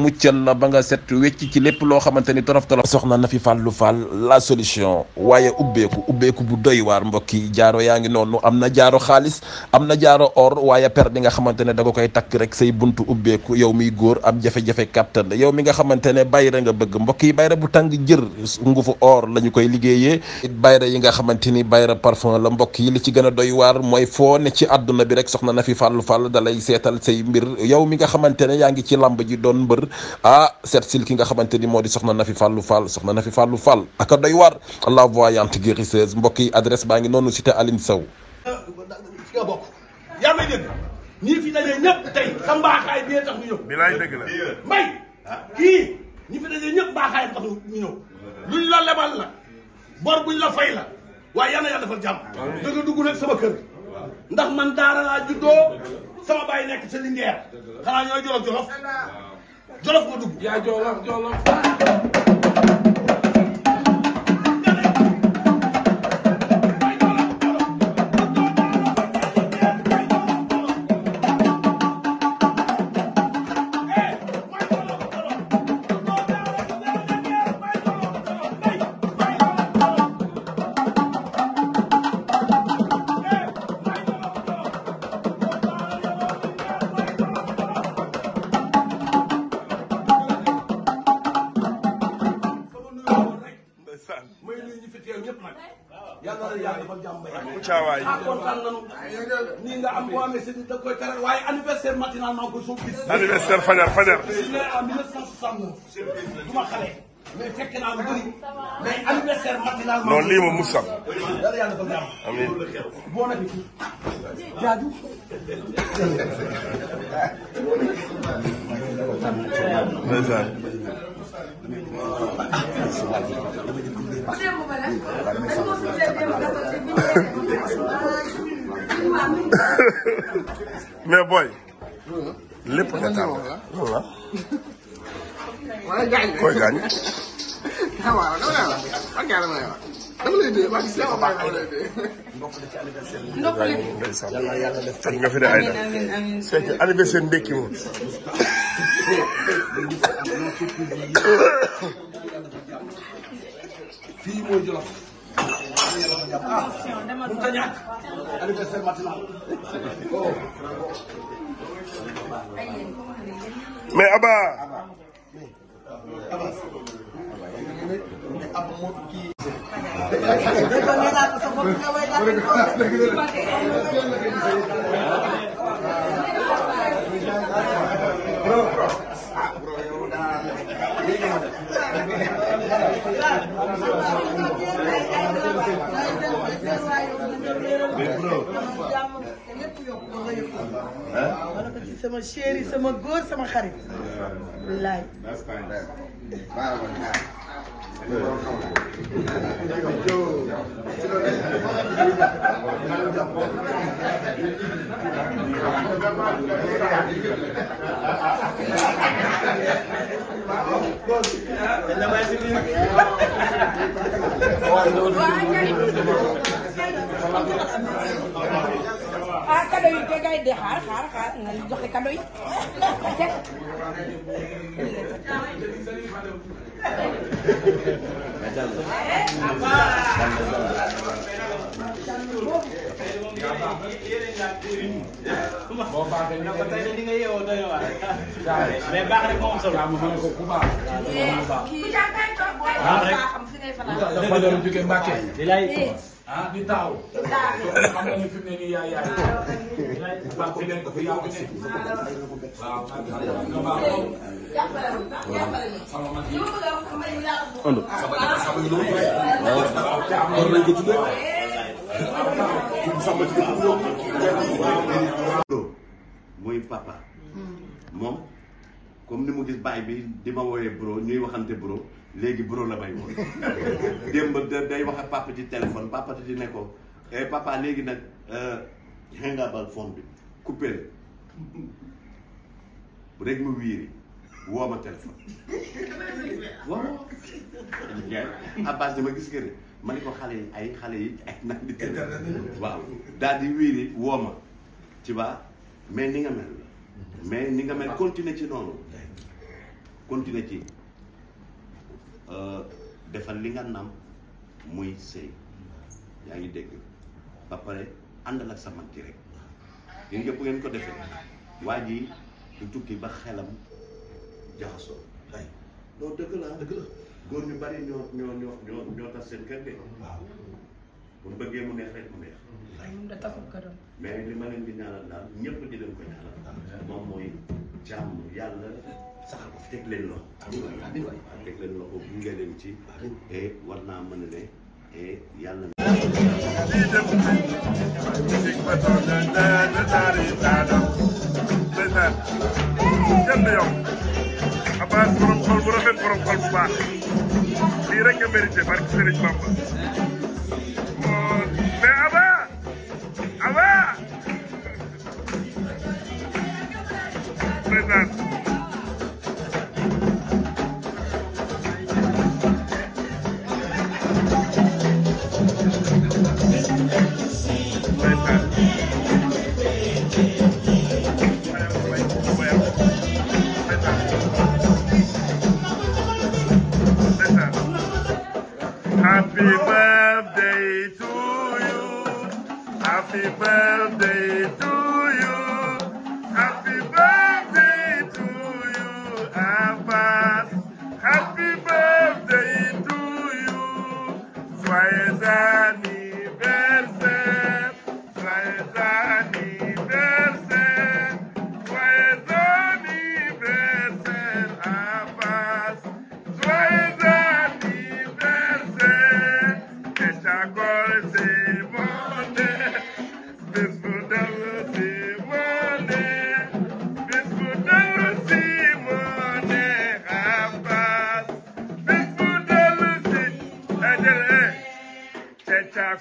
muccal la ba nga set wecc ci lépp loo xamante ni torof torof soxna na fi fàllu fàll la solution waaye ubbeeku ubbeeku bu doy waar mbokki jaaro yaa ngi noonu am na jaaro xaalis am na jaaro or waaye per bi nga xamante ne da nga koy takk rek say buntu ubbeeku yow miy góor am jafe-jafe kàttan yow mi nga xamante ne bayra nga bëgg mbokk yi bayra bu tàng jër ngufu or la koy liggéeyee bayra yi nga xamante ni bayra parfum la mbokk yi li ci gën a doy waar mooy foo ne ci àdduna bi rek soxna na fi fàllu fàll dalay seetal say mbir yow mi nga xamante ne yaa ah seet sil nga xamante ni moo di soxna Nafi Fallou Fall soxna Nafi Fallou Fall aka doy waar la voyante guérisseuse mbokk yi adresse baa ngi noonu cité Aline Sow fi nga bokk yaa fi dajee ñëpp tey sa mbaaxaay bi tax ñu ñëw mbay kii ñi fi dajee ñëpp mbaaxaay tax ñu ñëw luñ la lebal la bor buñ la fay la waaye yal na defal jàmm da dugg nag sama kër ndax man daara laa juddoo sama bàyyi nekk sa lingeer xanaa ñooy jolof jolof jolof nga dugg. yaa jolof jolof. yàlla na yàlla defal jàmm bay caawaay ah kontaan nañu nii nga am boo amee sëñ da koy teral waaye anniversaire matinal maa ngi koy soog gis anniversaire mais booy. lépp nga tàmm waaw. koy gaañ. waaw nga fi de ay na c'est que anniversaire ndekki moom fii mooy ah. ko ci sama chéri sama góor sama xarit. laay. kado yi te gars yi de xaar xaar xaar nga joxe kado yi. boo baaxee ñu ko tey de ni nga yeewoo doy waar. mais baax rek moo am solo. waaw mën ko ku baax. waaw mën ko ku baax. ah di taaw. mooy papa. moom. comme ni mu gis baay bi di ma wooyee bro ñuy waxante bro léegi bro la may woon démb day wax ak papa ci téléphone papa di ne ko eh papa léegi nag euh, xëngaabal phone bi coupé rek mu wiiri woo ma téléphone waaw Abbas dama gis nga ma ne ko xale yi ay xale yi ay nag di waaw daal di wiiri woo ci ba mais ni nga mel mais ni nga mel continuer ci noonu continuer ci euh, defal li nga nam muy sëy yaa ngi dégg ba pare àndal ak sa mag ci rek yéen nga bu ngeen ko defee waa ji du tukki ba xelam jaxasoo ay loolu dëgg la dëgg la góor ñu bari ñoo ñoo ñoo ñoo seen kër de waaw bëggee mu neex rek mu neex mais li ma leen di ñaanal daal ñëpp di leen ko ñaanal moom mooy jàmm yàlla sax ko fi teg leen loxo. amiin waay teg leen loxo gunge leen ci. et war naa mën a ne et yàlla. Abass borom xol bu rafet borom xol bu baax lii rek nga mérité barke Serigne Bamba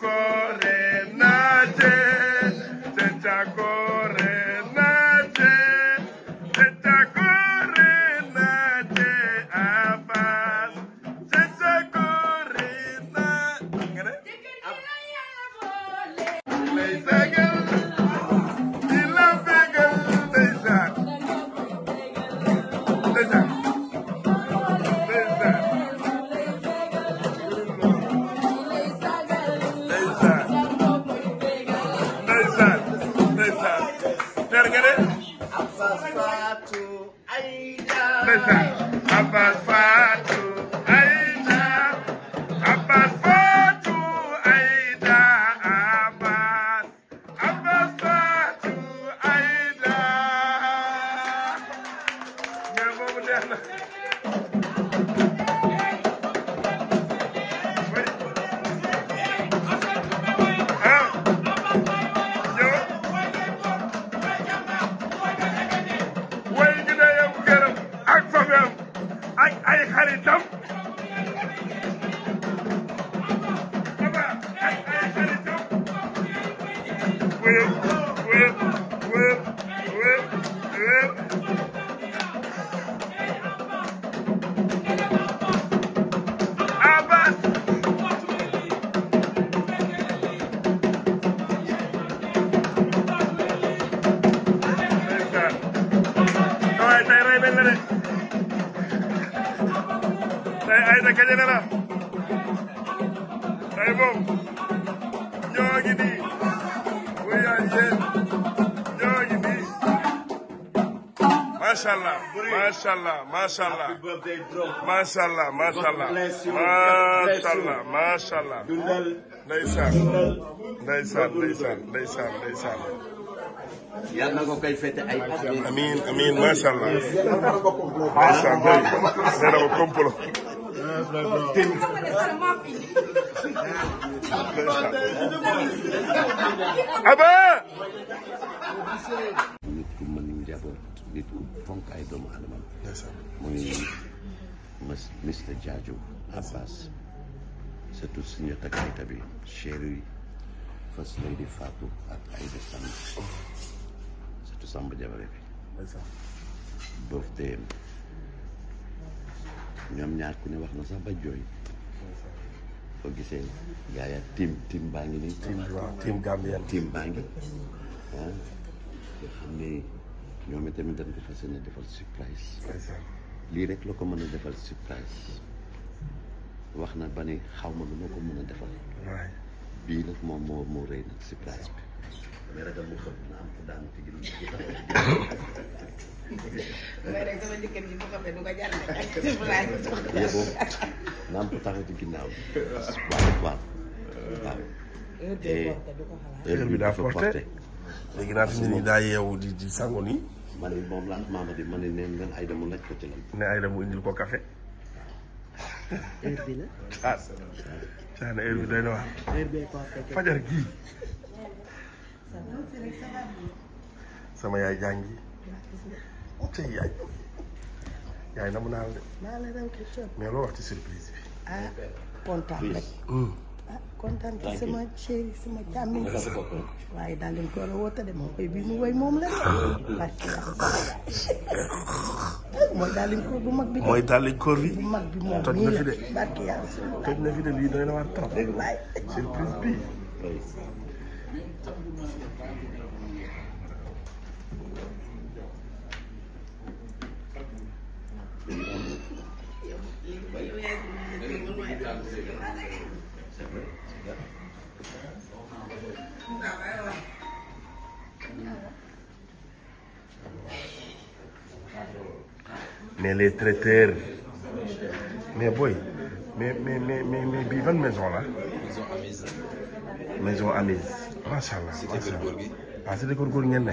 ko Ay, boom. Yo, Giddy. macha allah macha allah macha allah macha allah macha allah macha allah macha allah ndeysaan ndeysaan ndeysaan ndeysaan ndeysaan yàlla nga koy fete ay amiin amiin macha allah ndeysaan Aba. Oh, nit ku mën njaboot nit ku fonk ay doomu aadama. mooy Mr Diadio Abbas surtout suñu takkayta bi chéri First Lady Fatou ak Aïda Samb surtout Samba Jabare bi. birthday ñoom ñaar ku ne wax na sax ba jooy boo gisee gaa yaa tim tim baa ngi nii tim tim Gambia baa ngi ah ñoom itamit dañ ko fas defal surprise lii rek la ko mën a defal surprise wax na ba ne xaw ma lu ma ko mën a defal bii nag moom moo moo rëy nag surprise bi damay ragal mu xëpp na am ci ginnaaw bi am waaw waaw. heure eh, bi daa porté léegi naa fi nit daa yeewu di di sango nii. ma ne moom la Mamadi ma ne neen leen Ayda mu ko ci lan. ne Ayda indil ko café ah, na ko fajar gii. sama yaay jàngi oh, te yaay yaay na mu naan de mais loo wax ci surprise bi ah kontaan rek hmm. ah kontaan ci sama chéri sama càmmiñ waaye daal leen ko war a woote de moom koy bii mu woy moom la ah, mooy daal leen ko bu mag bi mooy daal leen ko bi bu mag bi moom toj na fi de barki yàlla toj na fi de lii doy na waar trop surprise bi mais les traiteurs mais booy mais mais mais mais bii ban maison la maison Amise maison macha allah macha allah ah si dëkkoon góor ngeen ne.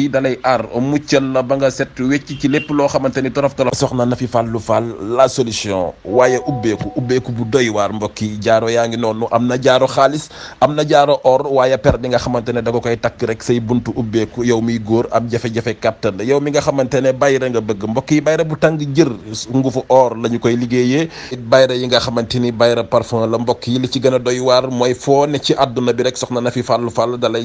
fii dalay aar muccal la ba nga set wecc ci lépp loo xamante ni torof torof soxna na fi fàllu fall la solution waaye ubbeeku ubbeeku bu doy waar mbokk yi jaaro yaa ngi noonu am na jaaro xaalis am na jaaro or waaye per di nga xamante ne da koy takk rek say buntu ubbeeku yow miy góor am jafe-jafe kàttan yow mi nga xamante ne bayra nga bëgg mbokk yi bayra bu tàng jër ngufu or la koy liggéeyee it yi nga xamante ni bayra parfum la mbokk yi li ci gën a doy waar mooy foo ci àdduna bi rek soxna na fi fàllu fall dalay